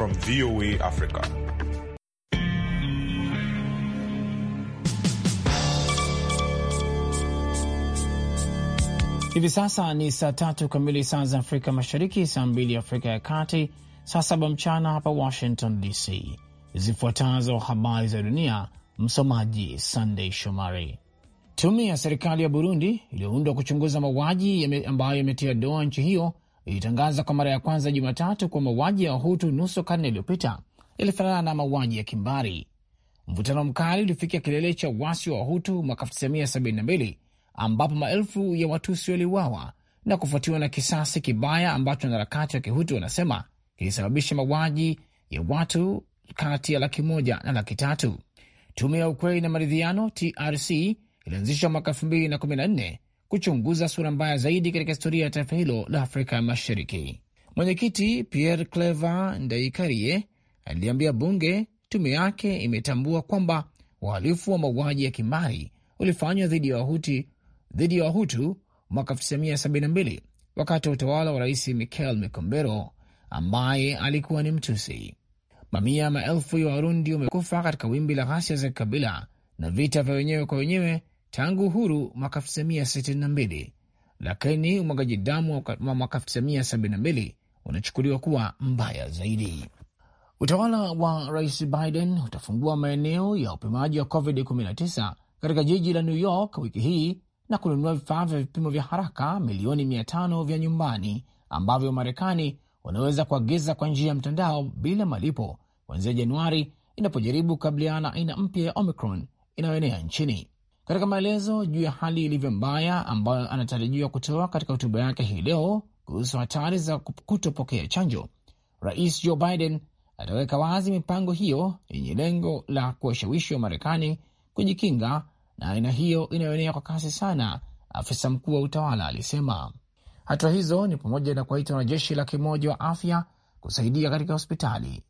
from VOA Africa. Hivi sasa ni saa tatu kamili saa za Afrika Mashariki, saa mbili Afrika ya Kati, saa saba mchana hapa Washington DC. Zifuatazo habari za dunia, msomaji sandey Shomari. Tume ya serikali ya Burundi iliyoundwa kuchunguza mauaji ambayo yametia doa nchi hiyo ilitangaza kwa mara ya kwanza Jumatatu kuwa mauaji ya Wahutu nusu karne iliyopita yalifanana na mauaji ya kimbari. Mvutano mkali ulifikia kilele cha uasi wa Wahutu mwaka 1972 ambapo maelfu ya Watusi waliuawa na kufuatiwa na kisasi kibaya ambacho wanaharakati wa Kihutu wanasema kilisababisha mauaji ya watu kati ya laki moja na laki tatu. Tume ya Ukweli na Maridhiano, TRC, ilianzishwa mwaka 2014 kuchunguza sura mbaya zaidi katika historia ya taifa hilo la Afrika Mashariki. Mwenyekiti Pierre Clever Ndaikarie aliambia bunge tume yake imetambua kwamba uhalifu wa mauaji ya kimbari ulifanywa dhidi ya Wahutu dhidi ya Wahutu mwaka 1972 wakati wa utawala wa Rais Michael Micombero ambaye alikuwa ni Mtusi. Mamia maelfu ya Warundi wamekufa katika wimbi la ghasia za kikabila na vita vya wenyewe kwa wenyewe tangu uhuru mwaka 1962, lakini umwagaji damu wa mwaka 1972 unachukuliwa kuwa mbaya zaidi. Utawala wa Rais Biden utafungua maeneo ya upimaji wa COVID-19 katika jiji la New York wiki hii na kununua vifaa vya vipimo vya haraka milioni 500 vya nyumbani ambavyo marekani wanaweza kuagiza kwa njia ya mtandao bila malipo kuanzia Januari inapojaribu kukabiliana na aina mpya ya Omicron inayoenea nchini. Katika maelezo juu ya hali ilivyo mbaya ambayo anatarajiwa kutoa katika hotuba yake hii leo kuhusu hatari za kutopokea chanjo, Rais Joe Biden ataweka wazi mipango hiyo yenye lengo la kuwashawishi wa Marekani kujikinga na aina hiyo inayoenea kwa kasi sana, afisa mkuu wa utawala alisema. Hatua hizo ni pamoja na kuwaita wanajeshi laki moja wa afya kusaidia katika hospitali.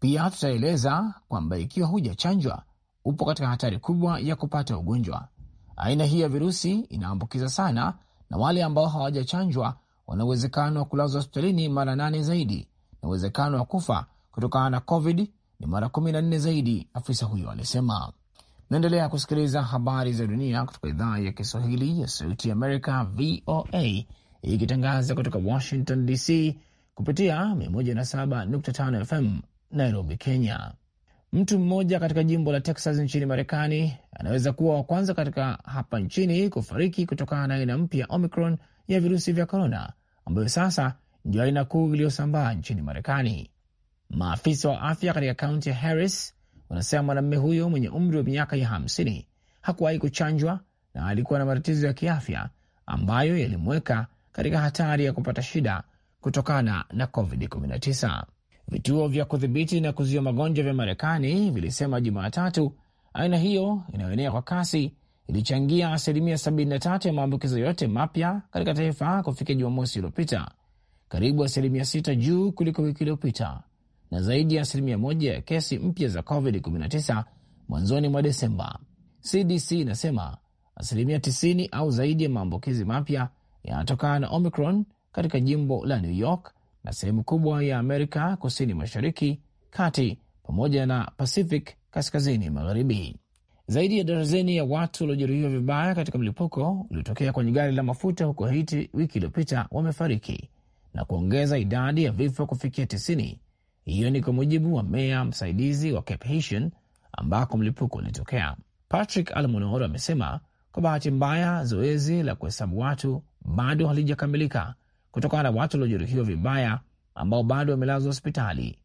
Pia tutaeleza kwamba ikiwa hujachanjwa upo katika hatari kubwa ya kupata ugonjwa Aina hii ya virusi inaambukiza sana, na wale ambao hawajachanjwa wana uwezekano wa kulazwa hospitalini mara nane zaidi na uwezekano wa kufa kutokana na COVID ni mara kumi na nne zaidi, afisa huyo alisema. Naendelea kusikiliza habari za dunia kutoka idhaa ya Kiswahili ya Sauti Amerika, VOA, ikitangaza kutoka Washington DC kupitia 107.5 FM Nairobi, Kenya. Mtu mmoja katika jimbo la Texas nchini Marekani anaweza kuwa wa kwanza katika hapa nchini kufariki kutokana na aina mpya Omicron ya virusi vya korona, ambayo sasa ndio aina kuu iliyosambaa nchini Marekani. Maafisa wa afya katika kaunti ya Harris wanasema mwanamume huyo mwenye umri wa miaka ya hamsini hakuwahi kuchanjwa na alikuwa na matatizo ya kiafya ambayo yalimweka katika hatari ya kupata shida kutokana na COVID-19. Vituo vya kudhibiti na kuzuia magonjwa vya Marekani vilisema Jumatatu aina hiyo inayoenea kwa kasi ilichangia asilimia 73 ya maambukizo yote mapya katika taifa kufikia Jumamosi iliyopita, karibu asilimia sita juu kuliko wiki iliyopita na zaidi ya asilimia moja ya kesi mpya za COVID-19 mwanzoni mwa Desemba. CDC inasema asilimia 90 au zaidi ya maambukizi mapya yanatokana na Omicron katika jimbo la New York na sehemu kubwa ya Amerika kusini mashariki, kati pamoja na Pacific kaskazini magharibi. Zaidi ya darazeni ya watu waliojeruhiwa vibaya katika mlipuko uliotokea kwenye gari la mafuta huko Haiti wiki iliyopita wamefariki na kuongeza idadi ya vifo kufikia tisini. Hiyo ni kwa mujibu wa meya msaidizi wa Cape Haitian ambako mlipuko ulitokea. Patrick Almonor amesema kwa bahati mbaya, zoezi la kuhesabu watu bado halijakamilika kutokana na watu waliojeruhiwa vibaya ambao bado wamelazwa hospitali.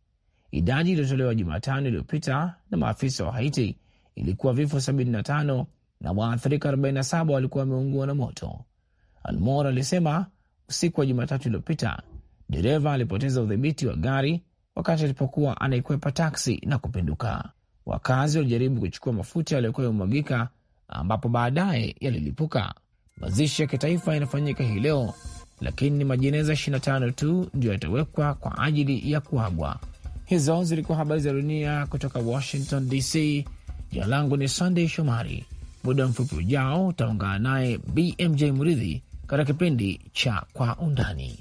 Idadi iliyotolewa Jumatano iliyopita na maafisa wa Haiti ilikuwa vifo 75 na waathirika 47 walikuwa wameungua na moto. Almor alisema usiku wa Jumatatu iliyopita dereva alipoteza udhibiti wa gari wakati alipokuwa anaikwepa taksi na kupinduka. Wakazi walijaribu kuchukua mafuta yaliyokuwa yamemwagika, ambapo baadaye yalilipuka. Mazishi ya kitaifa yanafanyika hii leo lakini ni majeneza 25 tu ndio yatawekwa kwa ajili ya kuagwa. Hizo zilikuwa habari za dunia kutoka Washington DC. Jina langu ni sandey Shomari. Muda mfupi ujao utaungana naye BMJ Muridhi katika kipindi cha Kwa Undani.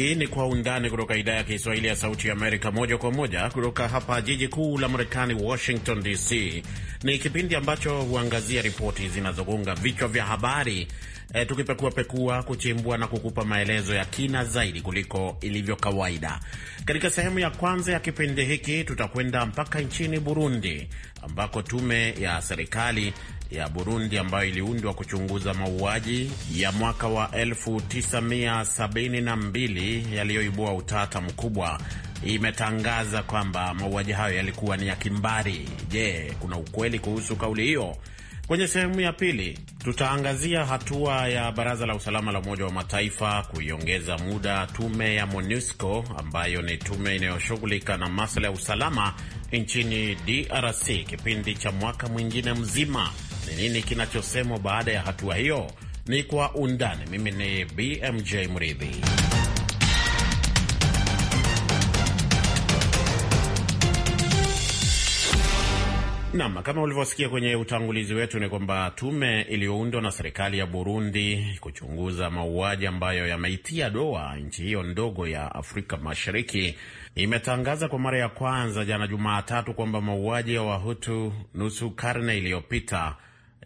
Hii ni Kwa Undani kutoka idhaa ya Kiswahili ya Sauti ya Amerika, moja kwa moja kutoka hapa jiji kuu la Marekani, Washington DC. Ni kipindi ambacho huangazia ripoti zinazogonga vichwa vya habari e, eh, tukipekuapekua, kuchimbua na kukupa maelezo ya kina zaidi kuliko ilivyo kawaida. Katika sehemu ya kwanza ya kipindi hiki, tutakwenda mpaka nchini Burundi ambako tume ya serikali ya Burundi ambayo iliundwa kuchunguza mauaji ya mwaka wa 1972 yaliyoibua utata mkubwa imetangaza kwamba mauaji hayo yalikuwa ni ya kimbari. Je, kuna ukweli kuhusu kauli hiyo? Kwenye sehemu ya pili tutaangazia hatua ya Baraza la Usalama la Umoja wa Mataifa kuiongeza muda tume ya MONUSCO ambayo ni tume inayoshughulika na masuala ya usalama nchini DRC kipindi cha mwaka mwingine mzima ni nini kinachosemwa baada ya hatua hiyo? Ni kwa undani. Mimi ni BMJ Mridhi. Nam, kama ulivyosikia kwenye utangulizi wetu, ni kwamba tume iliyoundwa na serikali ya Burundi kuchunguza mauaji ambayo yameitia doa nchi hiyo ndogo ya Afrika Mashariki imetangaza kwa mara ya kwanza jana Jumatatu kwamba mauaji ya Wahutu nusu karne iliyopita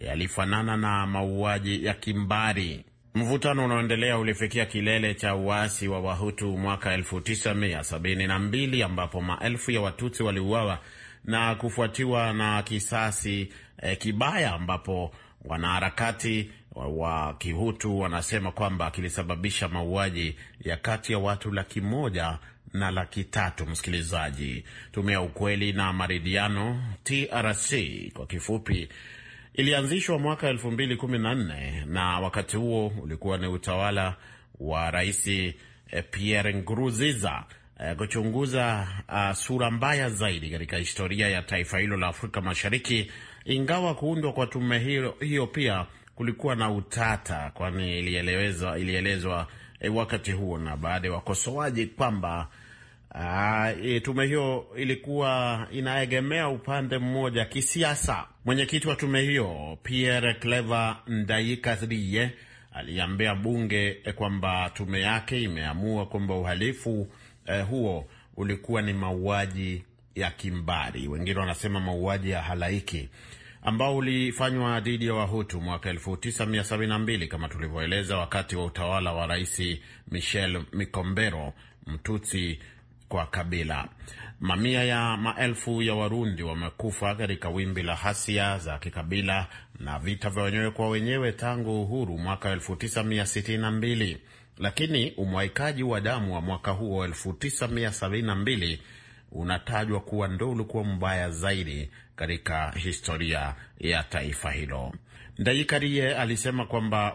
yalifanana na mauaji ya kimbari. Mvutano unaoendelea ulifikia kilele cha uasi wa Wahutu mwaka 1972 ambapo maelfu ya Watutsi waliuawa na kufuatiwa na kisasi e, kibaya ambapo wanaharakati wa Kihutu wanasema kwamba kilisababisha mauaji ya kati ya watu laki moja na laki tatu. Msikilizaji, tume ya ukweli na maridhiano TRC kwa kifupi ilianzishwa mwaka kumi na wakati huo ulikuwa ni utawala wa Rais eh, Pierre Nkurunziza eh, kuchunguza uh, sura mbaya zaidi katika historia ya taifa hilo la Afrika Mashariki, ingawa kuundwa kwa tume hiyo, hiyo pia kulikuwa na utata, kwani ilielezwa, ilielezwa eh, wakati huo na baada ya wakosoaji kwamba Uh, tume hiyo ilikuwa inaegemea upande mmoja kisiasa. Mwenyekiti wa tume hiyo Pierre Clever Ndayikathirie aliambia bunge e, kwamba tume yake imeamua kwamba uhalifu eh, huo ulikuwa ni mauaji ya kimbari, wengine wanasema mauaji ya halaiki ambao ulifanywa dhidi ya Wahutu mwaka 1972 kama tulivyoeleza, wakati wa utawala wa Rais Michel Mikombero Mtutsi kwa kabila. Mamia ya maelfu ya Warundi wamekufa katika wimbi la hasia za kikabila na vita vya wenyewe kwa wenyewe tangu uhuru mwaka 1962 lakini umwaikaji wa damu wa mwaka huo 1972 unatajwa kuwa ndo ulikuwa mbaya zaidi katika historia ya taifa hilo. Ndaikarie alisema kwamba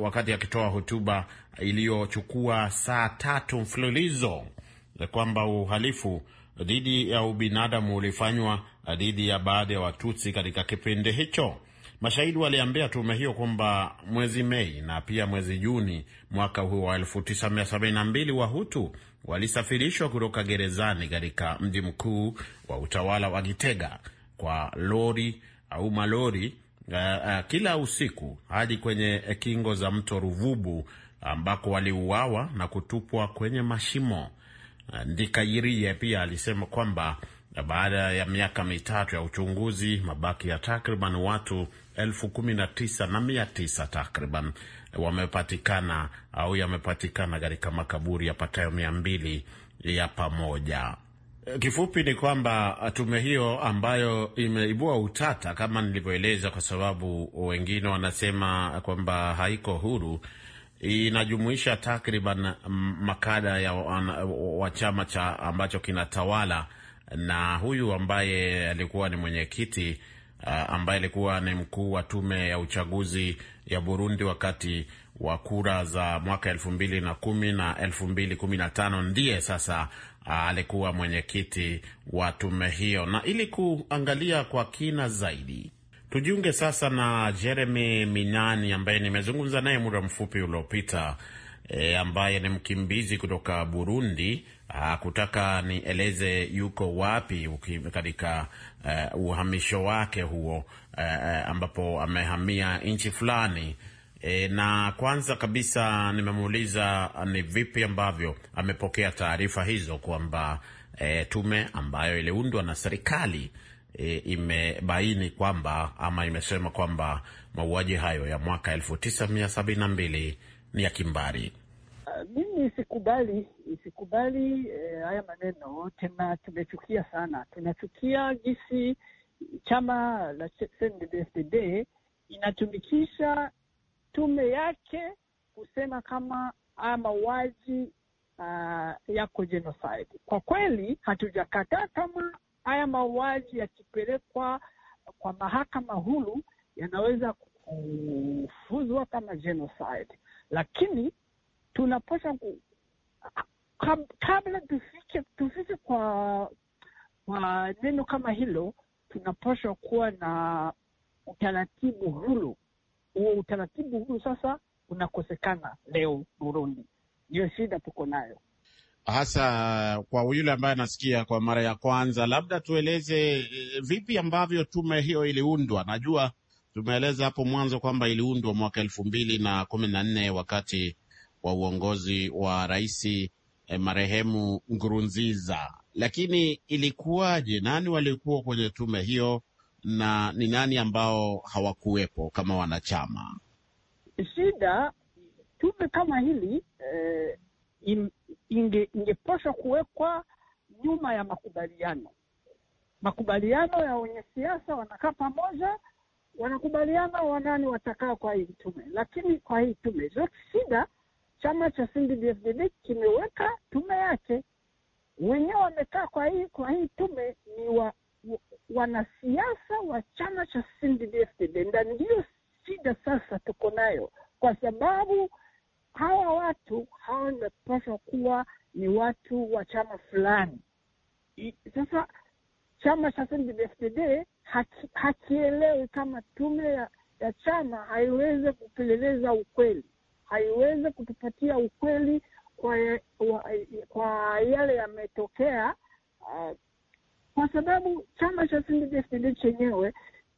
wakati akitoa hotuba iliyochukua saa tatu mfululizo kwamba uhalifu dhidi ya ubinadamu ulifanywa dhidi ya baadhi ya Watutsi katika kipindi hicho. Mashahidi waliambia tume hiyo kwamba mwezi Mei na pia mwezi Juni mwaka huo wa 1972 Wahutu walisafirishwa kutoka gerezani katika mji mkuu wa utawala wa Gitega kwa lori au malori eh, eh, kila usiku hadi kwenye kingo za mto Ruvubu ambako waliuawa na kutupwa kwenye mashimo. Ndikayirie pia alisema kwamba baada ya miaka mitatu ya uchunguzi, mabaki ya takriban watu elfu kumi na tisa na mia tisa takriban wamepatikana au yamepatikana katika makaburi yapatayo mia mbili ya pamoja. Kifupi ni kwamba tume hiyo ambayo imeibua utata kama nilivyoeleza, kwa sababu wengine wanasema kwamba haiko huru inajumuisha takriban mm, makada ya wa chama cha ambacho kinatawala na huyu ambaye alikuwa ni mwenyekiti uh, ambaye alikuwa ni mkuu wa tume ya uchaguzi ya Burundi wakati wa kura za mwaka elfu mbili na kumi na elfu mbili kumi na tano ndiye sasa uh, alikuwa mwenyekiti wa tume hiyo. Na ili kuangalia kwa kina zaidi Tujiunge sasa na Jeremy Minani ambaye nimezungumza naye muda mfupi uliopita, e, ambaye ni mkimbizi kutoka Burundi. kutaka nieleze yuko wapi katika uh, uhamisho wake huo uh, ambapo amehamia nchi fulani. E, na kwanza kabisa nimemuuliza ni vipi ambavyo amepokea taarifa hizo kwamba e, tume ambayo iliundwa na serikali e, imebaini kwamba ama imesema kwamba mauaji hayo ya mwaka elfu tisa mia na mbili ni ya kimbari. Ah, mimi sikubali, sikubali e, haya maneno tena. Tumechukia sana, tunachukia jinsi chama la CNDD-FDD inatumikisha tume yake kusema kama haya mauaji uh, yako genocide. Kwa kweli hatujakataa kama haya mauaji yakipelekwa kwa mahakama huru yanaweza kufuzwa kama genocide, lakini tunapasha ku, kabla tufike tufike kwa kwa neno kama hilo, tunapashwa kuwa na utaratibu huru. Huo utaratibu huru sasa unakosekana leo Burundi, ndiyo shida tuko nayo hasa kwa yule ambaye anasikia kwa mara ya kwanza, labda tueleze eh, vipi ambavyo tume hiyo iliundwa. Najua tumeeleza hapo mwanzo kwamba iliundwa mwaka elfu mbili na kumi na nne wakati wa uongozi wa rais eh, marehemu Ngurunziza, lakini ilikuwaje? Nani walikuwa kwenye tume hiyo na ni nani ambao hawakuwepo kama wanachama? Shida tume kama hili eh, inge, ingepasha kuwekwa nyuma ya makubaliano. Makubaliano ya wenye siasa wanakaa pamoja, wanakubaliana wanani watakaa kwa hii tume, lakini kwa hii tume zote shida chama cha CNDD-FDD kimeweka tume yake wenyewe, wamekaa kwa hii kwa hii tume ni wa, wa, wanasiasa wa chama cha CNDD-FDD, na ndiyo shida sasa tuko nayo, kwa sababu hawa watu hawa wanapaswa kuwa ni watu wa chama fulani. Sasa chama cha CNDD-FDD haki, hakielewi kama tume ya, ya chama haiwezi kupeleleza ukweli, haiwezi kutupatia ukweli kwa, wa, kwa yale yametokea, uh, kwa sababu chama cha CNDD-FDD chenyewe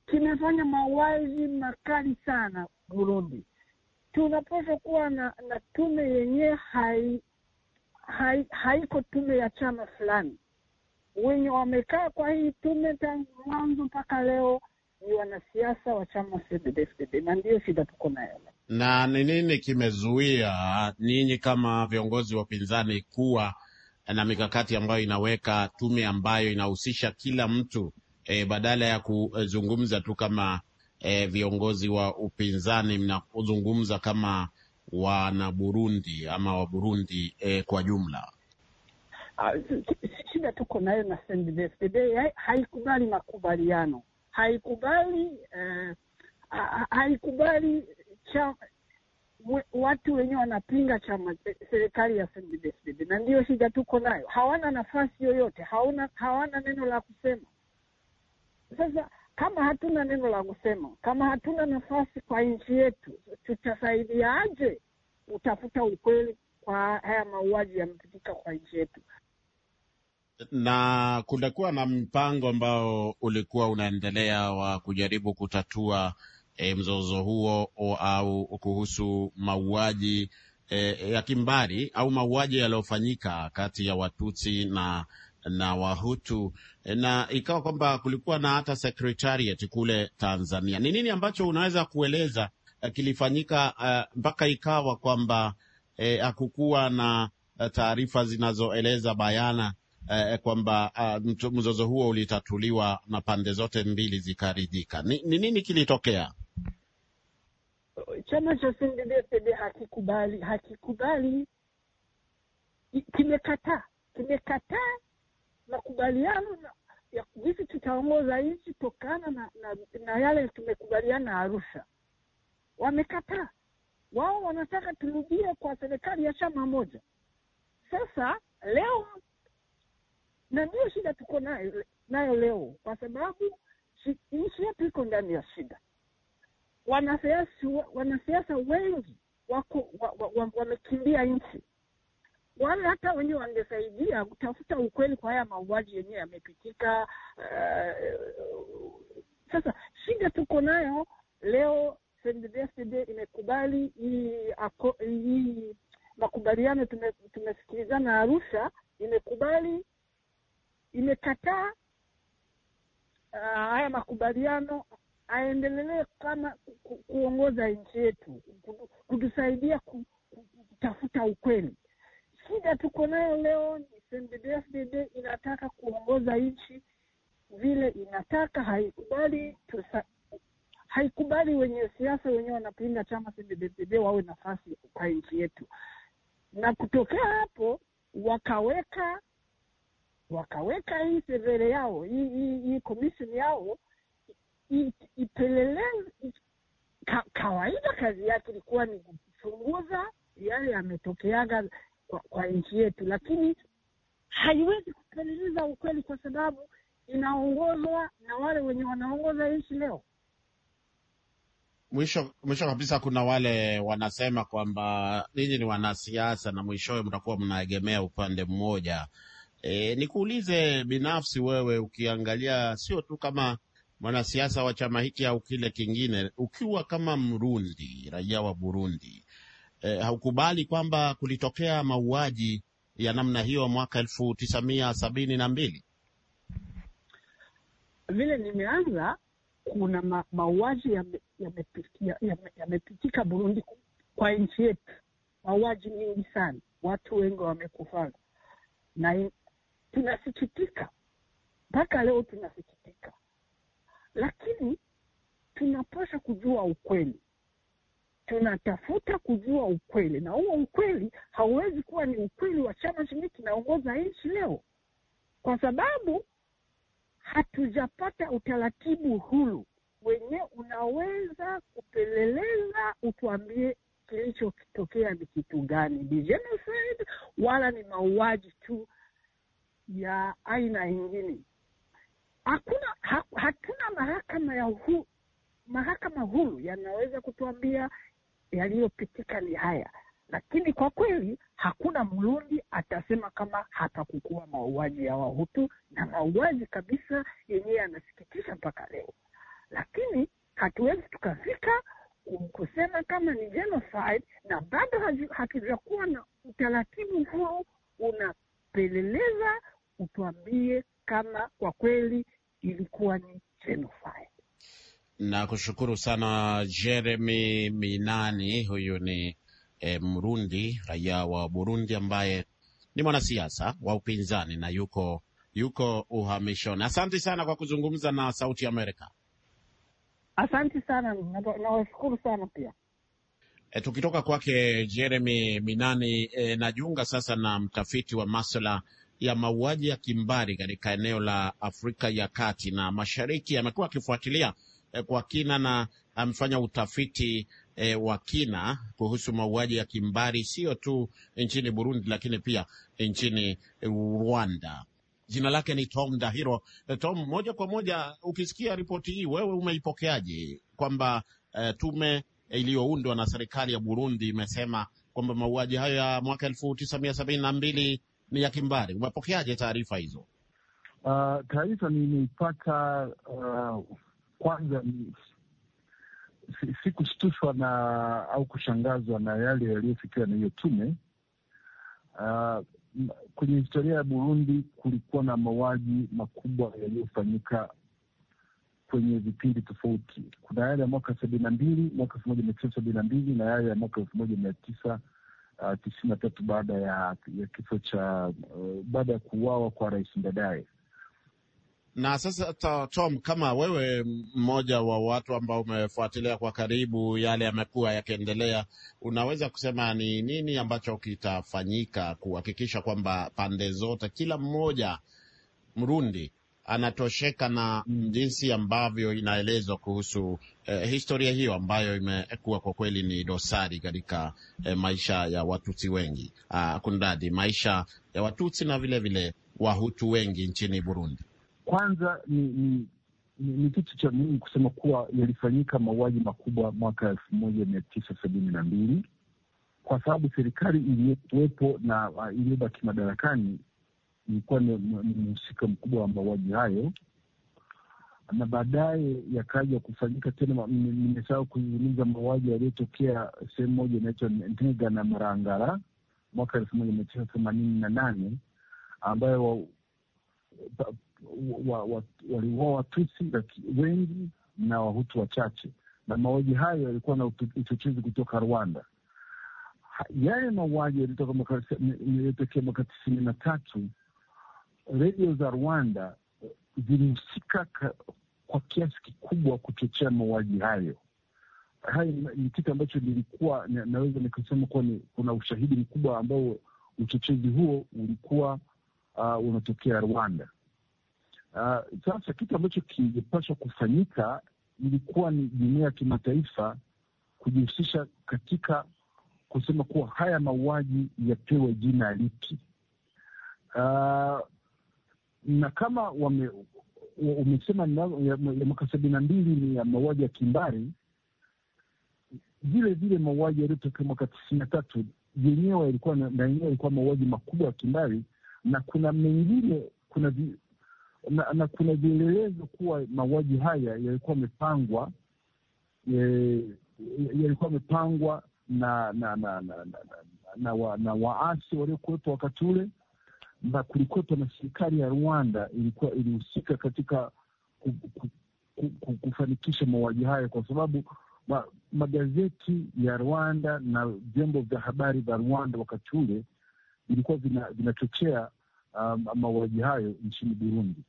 kimefanya mauaji makali sana Burundi tunapaswa kuwa na, na tume yenyewe hai, hai, haiko tume ya chama fulani. Wenye wamekaa kwa hii tume tangu mwanzo mpaka leo ni wanasiasa wa chama CDD-FDD, na ndiyo shida tuko nayo. Na ni nini kimezuia ninyi kama viongozi wa upinzani kuwa na mikakati ambayo inaweka tume ambayo inahusisha kila mtu e, badala ya kuzungumza tu kama e, viongozi wa upinzani kuzungumza kama wana Burundi ama wa Burundi e, kwa jumla? Shida tuko nayo na CNDD-FDD haikubali makubaliano, haikubali eh, haikubali cha watu wenyewe wanapinga chama serikali ya CNDD-FDD, na ndiyo shida tuko nayo. Hawana nafasi yoyote, hawana, hawana neno la kusema. Sasa kama hatuna neno la kusema, kama hatuna nafasi kwa nchi yetu, tutasaidiaje utafuta ukweli kwa haya mauaji yamepitika kwa nchi yetu? Na kulikuwa na mpango ambao ulikuwa unaendelea wa kujaribu kutatua e, mzozo huo o, au kuhusu mauaji e, ya kimbari au mauaji yaliyofanyika kati ya Watutsi na na Wahutu, na ikawa kwamba kulikuwa na hata sekretariat kule Tanzania. Ni nini ambacho unaweza kueleza eh, kilifanyika eh, mpaka uh, ikawa kwamba eh, hakukuwa eh, na taarifa zinazoeleza bayana eh, kwamba uh, mzozo huo ulitatuliwa na pande zote mbili zikaridhika? Ni nini kilitokea? Chama cha CNDD-FDD hakikubali, hakikubali, kimekataa, kimekataa makubaliano ya kuhisi tutaongoza nchi tokana na, na, na yale tumekubaliana Arusha. Wamekataa wao, wanataka turudie kwa serikali ya chama moja. Sasa leo na ndio shida tuko nayo nayo leo, kwa sababu nchi yetu iko ndani ya shida. Wanasiasa wengi wako wamekimbia wa, wa, wa nchi wala hata wenye wangesaidia kutafuta ukweli kwa haya mauaji yenyewe yamepitika. Uh, sasa shida tuko nayo leo, imekubali hii makubaliano tumesikilizana Arusha, imekubali imekataa uh, haya makubaliano aendelelee kama ku, kuongoza nchi yetu, kutusaidia kutafuta ukweli shida tuko nayo leo ni cndd inataka kuongoza nchi vile inataka, haikubali tusa, haikubali wenye siasa wenyewe wanapinga chama cndd wawe nafasi kwa kukaa nchi yetu, na kutokea hapo wakaweka wakaweka hii severe yao hii hii, hii commission yao ipeleleze. Ka, kawaida kazi yake ilikuwa ni kuchunguza yale yametokeaga kwa, kwa nchi yetu, lakini haiwezi kupeleleza ukweli kwa sababu inaongozwa na wale wenye wanaongoza nchi leo. Mwisho mwisho kabisa, kuna wale wanasema kwamba ninyi ni wanasiasa na mwishowe mtakuwa mnaegemea upande mmoja. E, nikuulize binafsi wewe, ukiangalia sio tu kama mwanasiasa wa chama hiki au kile kingine, ukiwa kama Mrundi, raia wa Burundi, eh, haukubali kwamba kulitokea mauaji ya namna hiyo mwaka elfu tisa mia sabini na mbili. Vile nimeanza kuna ma, mauaji yamepitika ya ya, ya Burundi kwa nchi yetu, mauaji mingi sana, watu wengi wamekufanga, na tunasikitika mpaka leo tunasikitika, lakini tunapasha kujua ukweli tunatafuta kujua ukweli, na huo ukweli hauwezi kuwa ni ukweli wa chama chenyewe kinaongoza nchi leo, kwa sababu hatujapata utaratibu huru wenyewe unaweza kupeleleza utuambie kilichotokea ni kitu gani, ni genocide wala ni mauaji tu ya aina ingine. Hakuna ha, hatuna mahakama ya huru, mahakama huru yanaweza kutuambia yaliyopitika ni haya, lakini kwa kweli hakuna Mrundi atasema kama hatakukua mauaji ya Wahutu na mauaji kabisa yenyewe yanasikitisha mpaka leo, lakini hatuwezi tukafika kusema kama ni genocide, na bado hatujakuwa na utaratibu huu unapeleleza utuambie kama kwa kweli ilikuwa ni genocide na kushukuru sana Jeremy Minani. Huyu ni e, Mrundi, raia wa Burundi ambaye ni mwanasiasa wa upinzani na yuko yuko uhamishoni. Asante sana kwa kuzungumza na Sauti Amerika. Asante sana, nawashukuru sana pia. E, tukitoka kwake Jeremy Minani e, najiunga sasa na mtafiti wa maswala ya mauaji ya kimbari katika eneo la Afrika ya Kati na Mashariki, amekuwa akifuatilia Eh, kwa kina na eh, amefanya utafiti eh, wa kina kuhusu mauaji ya kimbari sio tu nchini Burundi lakini pia nchini eh, Rwanda. Jina lake ni Tom Dahiro. Tom, moja kwa moja, ukisikia ripoti hii wewe umeipokeaje? Kwamba eh, tume iliyoundwa na serikali ya Burundi imesema kwamba mauaji hayo ya mwaka elfu tisa mia sabini na mbili ni ya kimbari. Umepokeaje taarifa hizo? Uh, taarifa nimeipata uh ah, kwanza ni kushtushwa na au kushangazwa na yale yaliyofikiwa na hiyo tume. Uh, kwenye historia ya Burundi kulikuwa na mauaji makubwa yaliyofanyika kwenye vipindi tofauti. Kuna yale ya mwaka sabini na mbili mwaka elfu moja mia tisa sabini na mbili na yale ya mwaka elfu moja mia tisa uh, tisini na tatu baada ya ya kifo cha uh, baada ya kuuawa kwa Rais Ndadaye na sasa Tom, kama wewe mmoja wa watu ambao umefuatilia kwa karibu yale yamekuwa yakiendelea, unaweza kusema ni nini ambacho kitafanyika kuhakikisha kwamba pande zote, kila mmoja Mrundi anatosheka na jinsi ambavyo inaelezwa kuhusu eh, historia hiyo ambayo imekuwa kwa kweli ni dosari katika eh, maisha ya Watutsi wengi, ah, kundadi maisha ya Watutsi na vilevile Wahutu wengi nchini Burundi. Kwanza ni, ni, ni, kitu cha muhimu kusema kuwa yalifanyika mauaji makubwa mwaka elfu moja mia tisa sabini na mbili kwa sababu serikali iliyokuwepo na iliyobaki madarakani ilikuwa ni mhusika mkubwa wa mauaji hayo, na baadaye yakaja kufanyika tena. Nimesahau kuzungumza mauaji yaliyotokea sehemu moja inaitwa Ntega na Marangara mwaka elfu moja mia tisa themanini na nane ambayo waliuawa Watusi wengi na Wahutu wachache, na mauaji hayo yalikuwa na uchochezi kutoka Rwanda. Yale mauaji yaliyotokea mwaka tisini na tatu, redio za Rwanda eh, zilihusika kwa kiasi kikubwa kuchochea mauaji hayo. Hayo ni kitu ambacho nilikuwa na, naweza nikasema kuwa ni, kuna ushahidi mkubwa ambao uchochezi huo ulikuwa uh, unatokea Rwanda. Uh, sasa uh, kitu ambacho kingepaswa kufanyika ilikuwa ni jumuia ya kimataifa kujihusisha katika kusema kuwa haya mauaji yapewe jina lipi. Uh, na kama wame, umesema ya mwaka sabini na mbili ni ya mauaji ya kimbari, vile vile mauaji yaliyotokea mwaka tisini na tatu yenyewe yalikuwa na yenyewe yalikuwa mauaji makubwa ya kimbari, na kuna mengine kuna na, na kuna vielelezo kuwa mauaji haya yalikuwa yamepangwa e, yalikuwa amepangwa na na na na, na, na, wa, na waasi waliokuwepo wakati ule, na kulikuwepo na serikali ya Rwanda ilikuwa ilihusika katika ku, ku, ku, ku, kufanikisha mauaji haya kwa sababu ma, magazeti ya Rwanda na vyombo vya habari vya Rwanda wakati ule vilikuwa vinachochea vina uh, mauaji hayo nchini Burundi.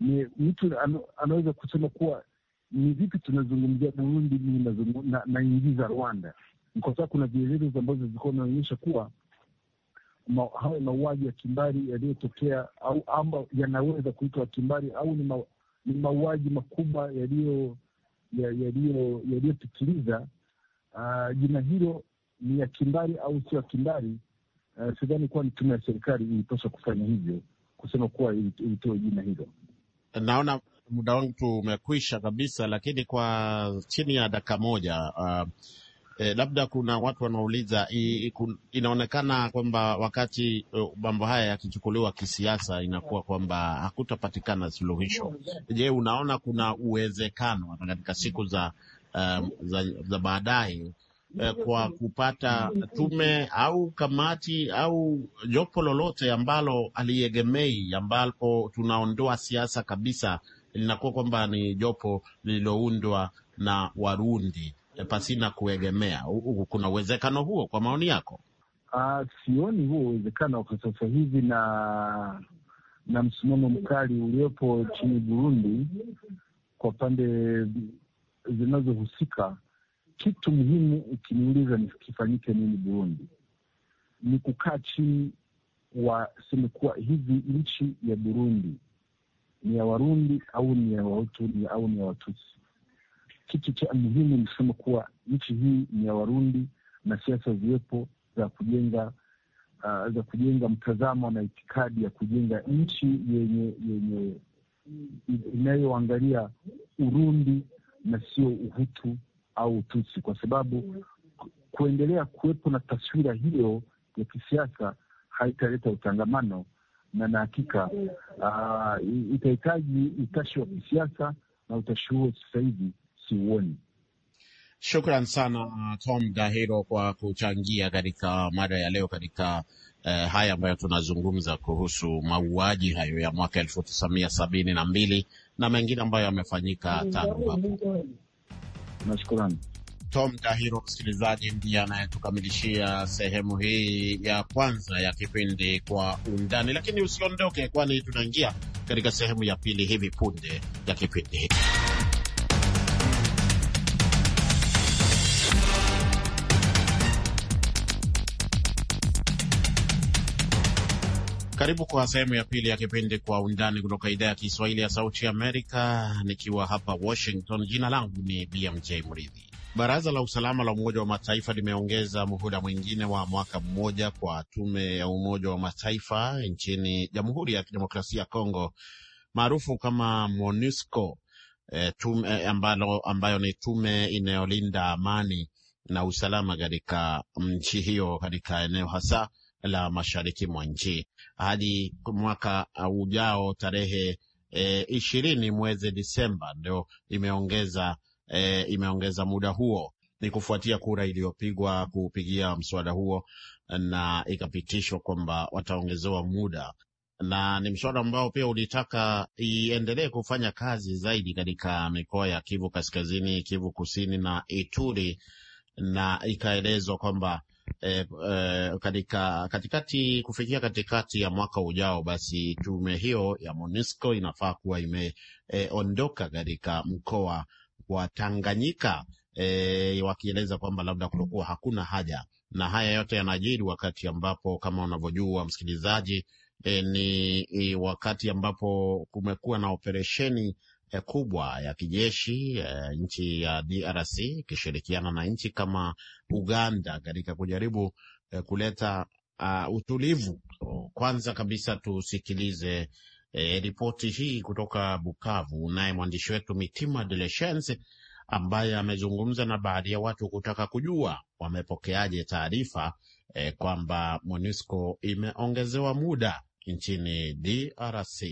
Ni mtu anaweza kusema kuwa ni vipi tunazungumzia Burundi na naingiza Rwanda, kwa sababu kuna vielelezo ambazo zilikuwa naonyesha kuwa ma, hayo mauaji ya kimbari yaliyotokea au amba yanaweza kuitwa kimbari au ni, ma, ni mauaji makubwa yaliyopitiliza. Uh, ah, jina hilo ni ya kimbari au sio ya kimbari? uh, sidhani kuwa ni tume ya serikali ilipaswa kufanya hivyo, kusema kuwa ilitoe jina hilo. Naona muda wangu tumekwisha kabisa, lakini kwa chini ya dakika moja uh, eh, labda kuna watu wanauliza inaonekana kwamba wakati uh, mambo haya yakichukuliwa kisiasa inakuwa kwamba hakutapatikana suluhisho. Je, unaona kuna uwezekano katika siku za, um, za, za baadaye eh, kwa kupata tume au kamati au jopo lolote ambalo aliegemei, ambapo tunaondoa siasa kabisa, linakuwa kwamba ni jopo lililoundwa na Warundi eh, pasina kuegemea. Kuna uwezekano huo kwa maoni yako? Uh, sioni huo uwezekano kwa sasa hivi na na msimamo mkali uliopo chini Burundi kwa pande zinazohusika kitu muhimu ukiniuliza kifanyike nini Burundi, ni kukaa chini waseme kuwa hivi nchi ya Burundi ni ya Warundi au ni ya Wahutu au ni ya Watusi. Kitu cha muhimu ni kusema kuwa nchi hii ni ya Warundi na siasa ziwepo za kujenga uh, za kujenga mtazamo na itikadi ya kujenga nchi yenye yenye inayoangalia Urundi na sio Uhutu au Ututsi, kwa sababu mm. kuendelea kuwepo na taswira hiyo ya kisiasa haitaleta utangamano na na hakika uh, itahitaji utashi wa kisiasa na utashi huo sasa hivi siuoni. Shukran sana ah, Tom Dahiro kwa kuchangia katika mada ya leo katika eh, haya ambayo tunazungumza kuhusu mauaji hayo ya mwaka elfu tisa mia sabini na mbili na mengine ambayo yamefanyika mm. tangu hapo nashukurani Tom Dahiro, msikilizaji, ndiye anayetukamilishia sehemu hii ya kwanza ya kipindi Kwa Undani, lakini usiondoke, kwani tunaingia katika sehemu ya pili hivi punde ya kipindi hiki. Karibu kwa sehemu ya pili ya kipindi Kwa Undani kutoka idhaa ya Kiswahili ya Sauti Amerika, nikiwa hapa Washington. Jina langu ni BMJ Mridhi. Baraza la Usalama la Umoja wa Mataifa limeongeza muhula mwingine wa mwaka mmoja kwa tume ya Umoja wa Mataifa nchini Jamhuri ya Kidemokrasia ya Kongo maarufu kama MONUSCO e, tume, eh, ambalo, ambayo ni tume inayolinda amani na usalama katika nchi hiyo katika eneo hasa la mashariki mwa nchi hadi mwaka uh, ujao tarehe eh, ishirini e, mwezi Disemba ndio imeongeza e, imeongeza muda huo. Ni kufuatia kura iliyopigwa kupigia mswada huo na ikapitishwa kwamba wataongezewa muda, na ni mswada ambao pia ulitaka iendelee kufanya kazi zaidi katika mikoa ya Kivu Kaskazini, Kivu Kusini na Ituri, na ikaelezwa kwamba eh, eh, katika katikati kufikia katikati ya mwaka ujao, basi tume hiyo ya MONUSCO inafaa kuwa imeondoka eh, katika mkoa wa Tanganyika eh, wakieleza kwamba labda kutokuwa hakuna haja, na haya yote yanajiri wakati ambapo kama unavyojua msikilizaji, e, ni e, wakati ambapo kumekuwa na operesheni e, kubwa ya kijeshi e, nchi ya DRC ikishirikiana na nchi kama Uganda katika kujaribu e, kuleta uh, utulivu. Kwanza kabisa tusikilize e, ripoti hii kutoka Bukavu, naye mwandishi wetu Mitima de Lechance ambaye amezungumza na baadhi ya watu kutaka kujua wamepokeaje taarifa e, kwamba MONUSCO imeongezewa muda nchini DRC.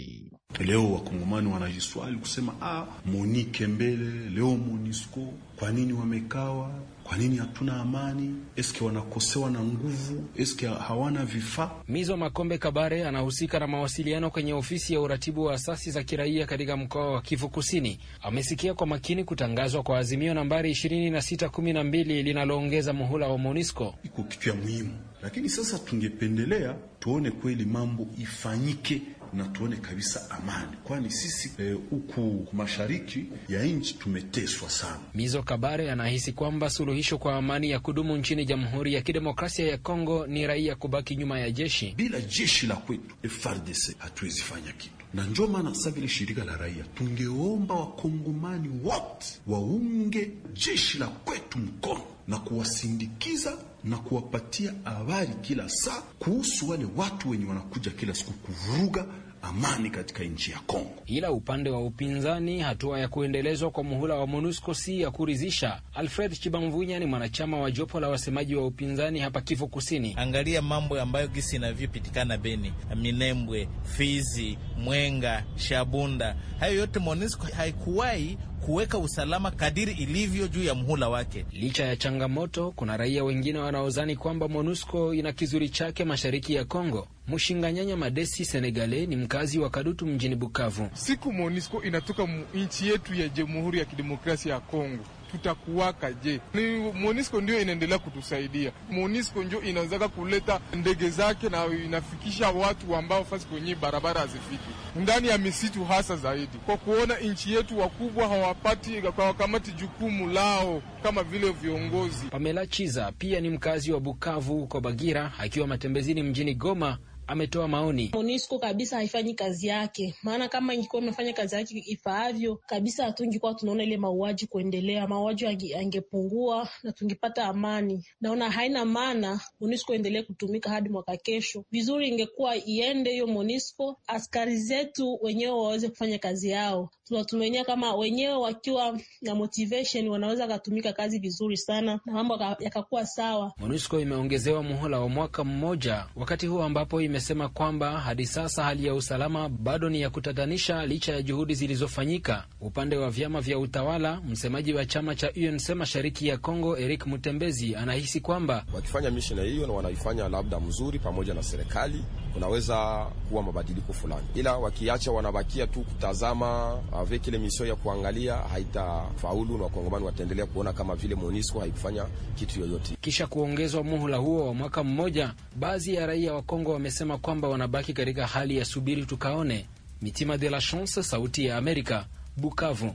Leo wakongomani wanajiswali kusema ah, Monike mbele leo Monisco kwa nini wamekawa kwa nini hatuna amani? Eske wanakosewa na nguvu? Eske hawana vifaa? Mizwa Makombe Kabare anahusika na mawasiliano kwenye ofisi ya uratibu wa asasi za kiraia katika mkoa wa Kivu Kusini. Amesikia kwa makini kutangazwa kwa azimio nambari 2612 linaloongeza muhula wa MONUSCO. Iko kitu ya muhimu, lakini sasa tungependelea tuone kweli mambo ifanyike na tuone kabisa amani, kwani sisi huku eh, e, mashariki ya nchi tumeteswa sana. Mizo Kabare anahisi kwamba suluhisho kwa amani ya kudumu nchini Jamhuri ya Kidemokrasia ya Kongo ni raia kubaki nyuma ya jeshi. Bila jeshi la kwetu FARDC hatuwezi fanya kitu, na ndio maana sasa vile shirika la raia tungeomba wakongomani wote waunge jeshi la kwetu mkono na kuwasindikiza na kuwapatia habari kila saa kuhusu wale watu wenye wanakuja kila siku kuvuruga amani katika nchi ya Kongo. Ila upande wa upinzani, hatua ya kuendelezwa kwa muhula wa MONUSCO si ya kuridhisha. Alfred Chibamvunya ni mwanachama wa jopo la wasemaji wa upinzani hapa Kivu Kusini. Angalia mambo ambayo gisi inavyopitikana Beni, Minembwe, Fizi, Mwenga, Shabunda, hayo yote MONUSCO haikuwahi kuweka usalama kadiri ilivyo juu ya mhula wake. Licha ya changamoto, kuna raia wengine wanaozani kwamba MONUSCO ina kizuri chake mashariki ya Kongo. Mshinganyanya Madesi Senegale ni mkazi wa Kadutu mjini Bukavu. Siku MONUSCO inatoka nchi yetu ya Jamhuri ya Kidemokrasia ya Kongo tutakuwaka je Ni Monisco ndio inaendelea kutusaidia. Monisco ndio inawezaka kuleta ndege zake na inafikisha watu ambao fasi kwenye barabara hazifiki ndani ya misitu hasa zaidi, kwa kuona nchi yetu wakubwa hawapati hawakamati jukumu lao kama vile viongozi. Pamela Chiza pia ni mkazi wa Bukavu kwa Bagira, akiwa matembezini mjini Goma ametoa maoni. Monisco kabisa haifanyi kazi yake, maana kama ingekuwa imefanya kazi yake ifaavyo kabisa, hatungikuwa tunaona ile mauaji kuendelea. Mauaji angepungua na tungepata amani. Naona haina maana Monisco endelee kutumika hadi mwaka kesho. Vizuri ingekuwa iende hiyo Monisco, askari zetu wenyewe waweze kufanya kazi yao. Tunatumainia kama wenyewe wakiwa na motivation wanaweza wakatumika kazi vizuri sana na mambo yakakuwa sawa. Monisco imeongezewa muhula wa mwaka mmoja, wakati huo ambapo ime amesema kwamba hadi sasa hali ya usalama bado ni ya kutatanisha licha ya juhudi zilizofanyika upande wa vyama vya utawala. Msemaji wa chama cha UNC e mashariki ya Kongo, Eric Mutembezi, anahisi kwamba wakifanya mishina hiyo na wanaifanya labda mzuri pamoja na serikali kunaweza kuwa mabadiliko fulani, ila wakiacha wanabakia tu kutazama avec uh, ile mission ya kuangalia, haitafaulu na wakongomani wataendelea kuona kama vile MONUSCO haikufanya kitu yoyote. Kisha kuongezwa muhula huo wa mwaka mmoja, baadhi ya raia wa Kongo wamesema kwamba wanabaki katika hali ya subiri tukaone. Mitima de la Chance, Sauti ya Amerika, Bukavu.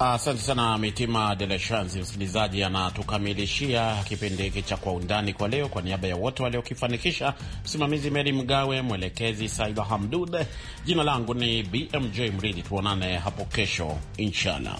Asante sana Mitima de Lechansi. Msikilizaji anatukamilishia kipindi hiki cha Kwa Undani kwa leo. Kwa niaba ya wote waliokifanikisha, msimamizi Meri Mgawe, mwelekezi Saida Hamdud, jina langu ni BMJ Mridi. Tuonane hapo kesho inshallah.